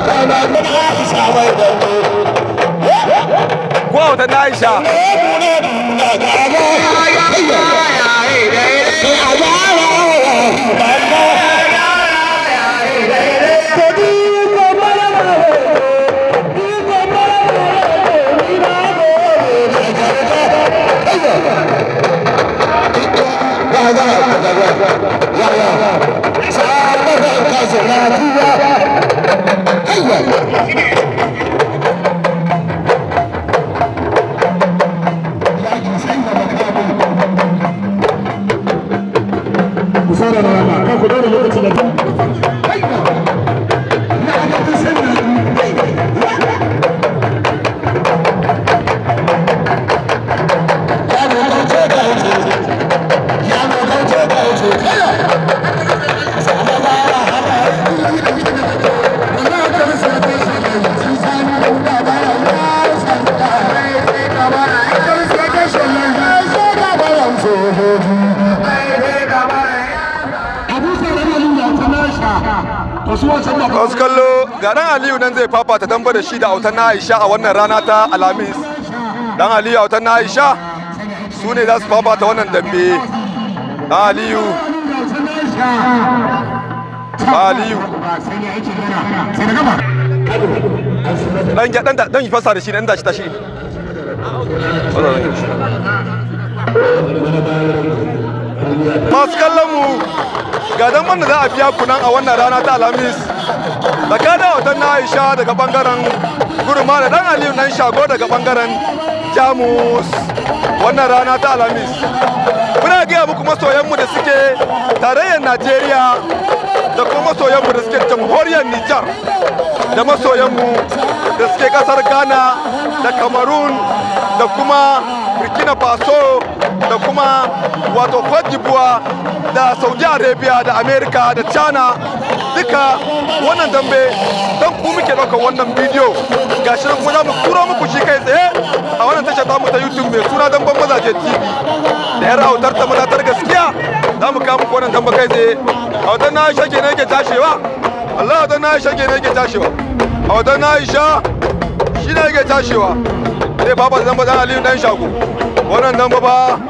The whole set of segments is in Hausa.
kana min aisha mai dambe ko ta da shi da autan na Aisha a wannan rana ta Alhamis dan Aliyu autan na Aisha su ne za su fafata wannan dambe dan Aliyu Aliyu dan ya dan dan fasa da shi dan da shi tashi masu kallon mu ga dan wanda za a biya kunan a wannan rana ta Alhamis tsakanin aisha daga bangaren gurma da ɗan aliyu nan shago daga bangaren jamus wannan rana ta alhamis muna gaya muku masoyanmu da suke tarayyar najeriya da kuma masoyanmu da suke jamhuriyar nijar da masoyanmu da suke kasar ghana da cameroon da kuma burkina faso da kuma wato d'Ivoire da saudi arabia da america da china duka wannan dambe don ku muke ɗaukar wannan bidiyo ga shi kuma za mu turo muku shi kai tsaye a wannan tashar tamu ta youtube mai suna damban mazaje tv da yar autar ta madatar gaskiya za mu kawo muku wannan dambe kai tsaye a wata na aisha kenan yake tashewa allah wata na aisha kenan yake tashewa a wata na aisha shi ne yake tashewa zai fafa da dan aliyu dan shago wannan dan ba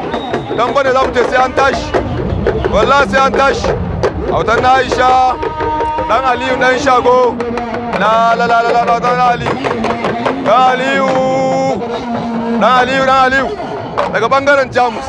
ne za mu ce sai an tashi wallahi sai an tashi autan na aisha dan aliyu dan shago la la la la la dan aliyu dan aliyu dan aliyu dan aliyu daga bangaren jamus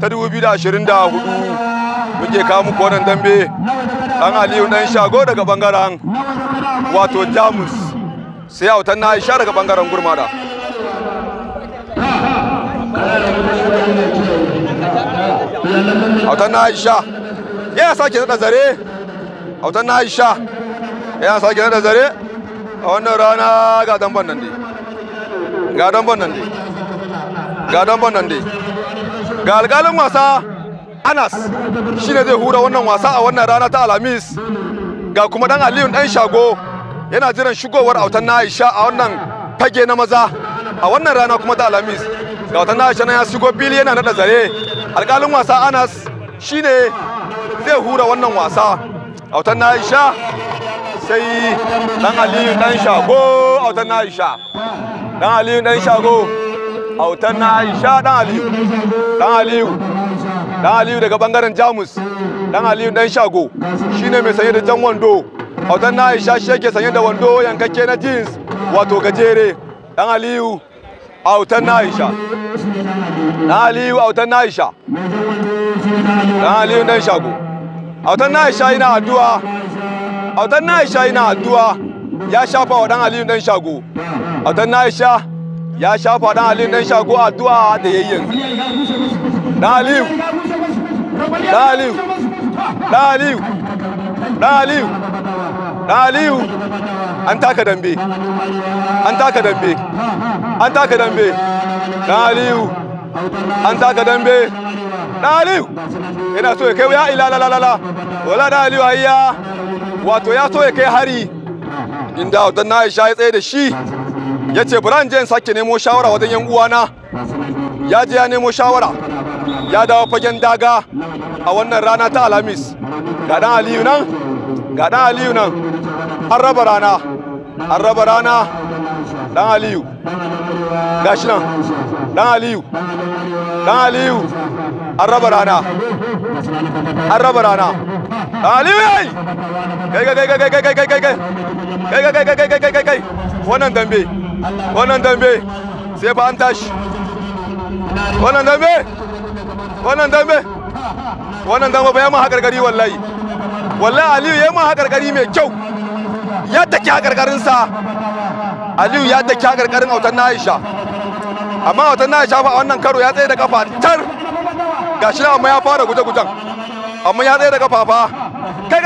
ta 2024 muke kawo muku wannan dambe dan aliyu dan shago daga bangaren wato jamus sai autan na aisha daga bangaren gurmada autan na aisha ya sake nada zare autan na aisha ya sake nada zare a wannan rana ga damban nan dai ga damban nan dai ga damban nan dai ga alƙalin wasa anas shine zai hura wannan wasa a wannan rana ta alhamis ga kuma dan aliyu dan shago yana jiran shigowar autan na aisha a wannan fage na maza a wannan rana kuma ta alhamis ga autan na aisha na ya shigo bili yana nada zare alƙalin wasa anas shine zai hura wannan wasa autan na aisha sai dan aliyu dan shago autan na aisha dan aliyu dan shago autan na Aisha dan Aliyu dan Aliyu dan Aliyu daga bangaren Jamus dan Aliyu dan Shago shine mai sanye da jan wando autan na Aisha shi yake sanye da wando yankakke na jeans wato gajere dan Aliyu autan na Aisha dan Aliyu autan na Aisha dan Aliyu dan Shago autan na Aisha yana addu'a autan na Aisha yana addu'a ya shafa wa dan Aliyu dan Shago autan na Aisha ya shafa dan aliyu dan shago addu'a da yayi yanzu dan aliyu dan aliyu dan aliyu dan aliyu dan aliyu an taka dambe an taka dambe an taka dambe dan aliyu an taka dambe dan aliyu yana so ya kai ya ila la la la wala dan aliyu ayya wato ya so ya kai hari inda dan na ya tsaye da shi ya ce bari je sake nemo shawara wajen yan uwana ya je ya nemo shawara ya dawo fagen daga a wannan rana ta alhamis ga dan aliyu nan ga dan aliyu nan an raba rana an raba rana dan aliyu gashi nan dan aliyu dan aliyu an raba rana an raba rana dan aliyu yayi kai kai kai kai kai kai kai kai kai kai kai kai kai kai kai wannan dambe wannan dambe sai fa an tashi wannan dambe wannan dambe wannan dambe ba ya ma hakarkari wallahi wallahi aliyu ya ma hakarkari mai kyau ya take hakarkarinsa aliyu ya take hakarkarin autan na aisha amma autan na aisha fa a wannan karo ya tsaye da kafa tar gashi na amma ya fara guje-gujen amma ya tsaye da kafa fa kai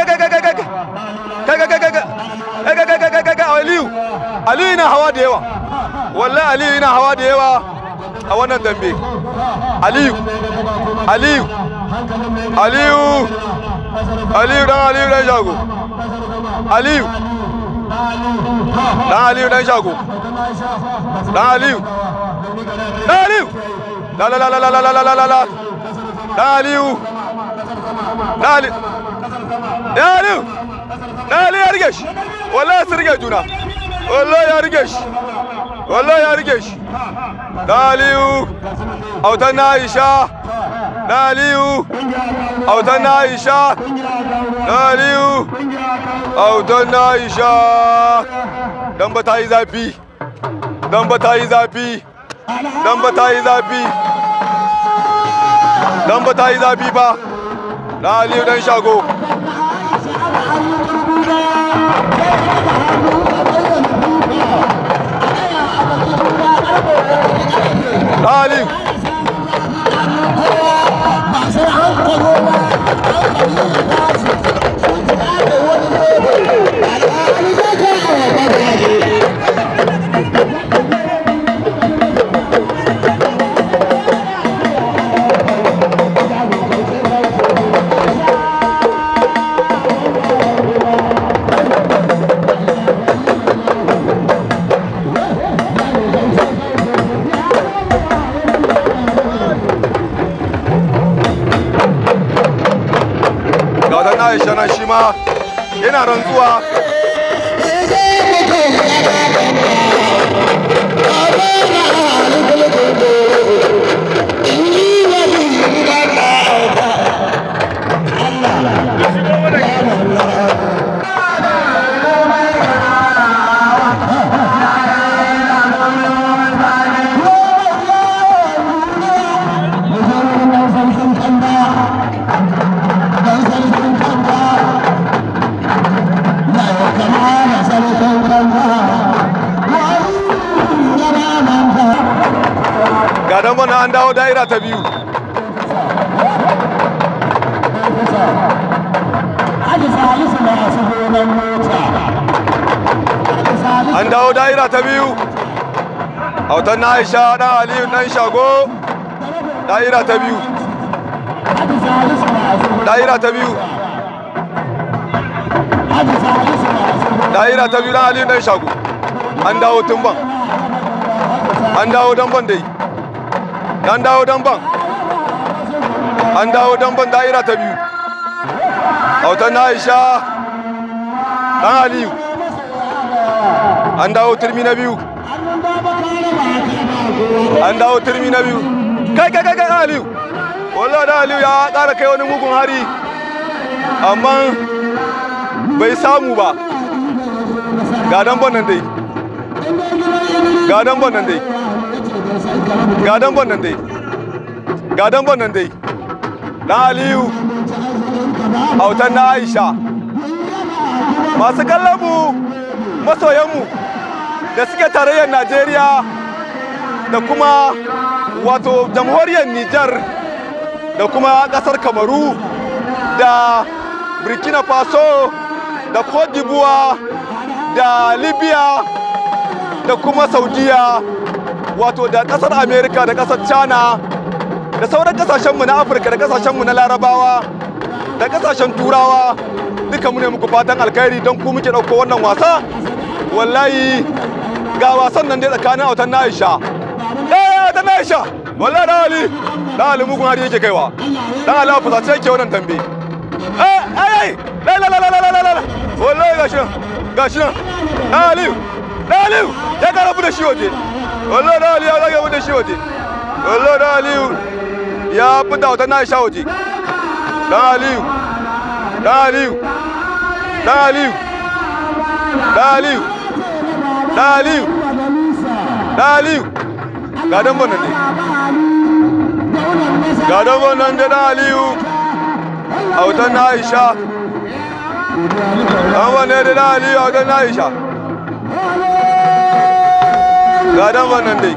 aliyu yana hawa da yawa wallahi aliyu yana hawa da yawa a wannan dambe aliyu aliyu aliyu aliyu dan aliyu dan shago aliyu dan aliyu dan shago dan aliyu dan aliyu la la la la la la la la la dan aliyu dan aliyu dan aliyu dan aliyu ya rige shi wallahi su rige juna wallahi ya rike na aliyu autan na aisha na aliyu autan na aisha na aliyu autan na aisha dan ba ta yi zafi dan ba ta yi zafi dan ba ta yi zafi dan ba ta yi zafi ba na aliyu dan shago Salim. Thank you. na an dawo daira ta biyu an dawo daira ta biyu hautar na aisha dan aliyu dan shago daira ta biyu daira ta biyu daira ta biyu dan aliyu dan shago an dawo tumban an dawo damban dai an dawo damban an dawo damban da'ira ta biyu autan aisha dan aliyu an dawo turmi na biyu an dawo turmi na biyu kai kai kai kai aliyu wallahi dan aliyu ya tsara kai wani mugun hari amma bai samu ba ga damban nan dai ga damban nan dai ga damban dai ga damban dai na aliyu autan na aisha masu kallonmu masoyanmu da suke tarayyar najeriya da kuma wato jamhuriyar Niger da kuma kasar kamaru da burkina faso da cote d'ivoire da libya da kuma saudiya wato da ƙasar amerika da ƙasar china da sauran ƙasashenmu na afirka da ƙasashenmu na larabawa da ƙasashen turawa duka mu ne muku fatan alkhairi don ku muke ɗauko wannan wasa wallahi ga wasan nan dai tsakanin autan na aisha ɗaya eh, ta na aisha wallahi da ali da ali mugun hari yake kaiwa dan ala fusace yake wannan tambi eh ai ai la la la la la la wallahi gashi nan gashi nan da ali da ali ya karabu da shi waje wallahi da aliyu ya zage da shi waje wallahi da aliyu ya fita wata na waje da aliyu da aliyu da aliyu da da aliyu da ga dan bana ne ga dan bana ne da a wata dan bana ne da a wata na aisha ga dan wannan dai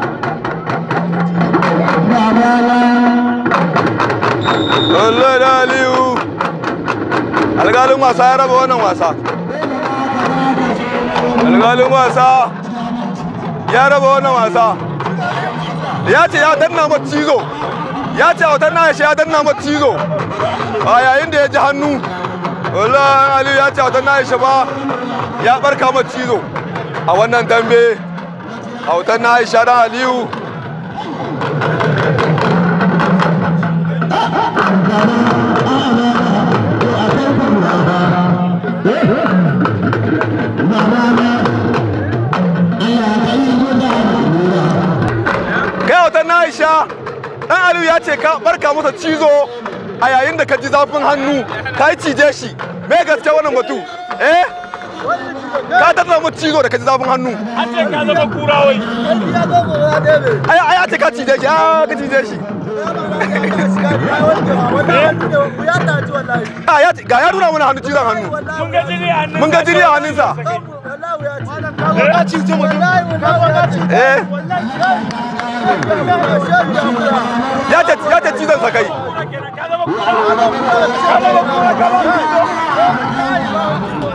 Allah da Aliyu algalin wasa ya raba wannan wasa algalin wasa ya raba wannan wasa ya ce ya danna mu cizo ya ce a danna shi ya danna mu cizo a yayin da ya ji hannu Allah Aliyu ya ce a danna shi ba ya barka mu cizo a wannan dambe autan na aisha dan aliyu kai autan na aisha ɗan aliyu ya ce ka barka masa cizo a yayin da ka ji zafin hannu ka cije shi me gaske wannan batu eh ka tattara mu cizo da kaji zafin hannu an ka zama kura wai ai ai ce ka cije shi ka cije shi ga ya nuna mana hannu cizon hannu mun ga jini a hannunsa eh. ya ce cizon sa kai ka zama kura ka zama kura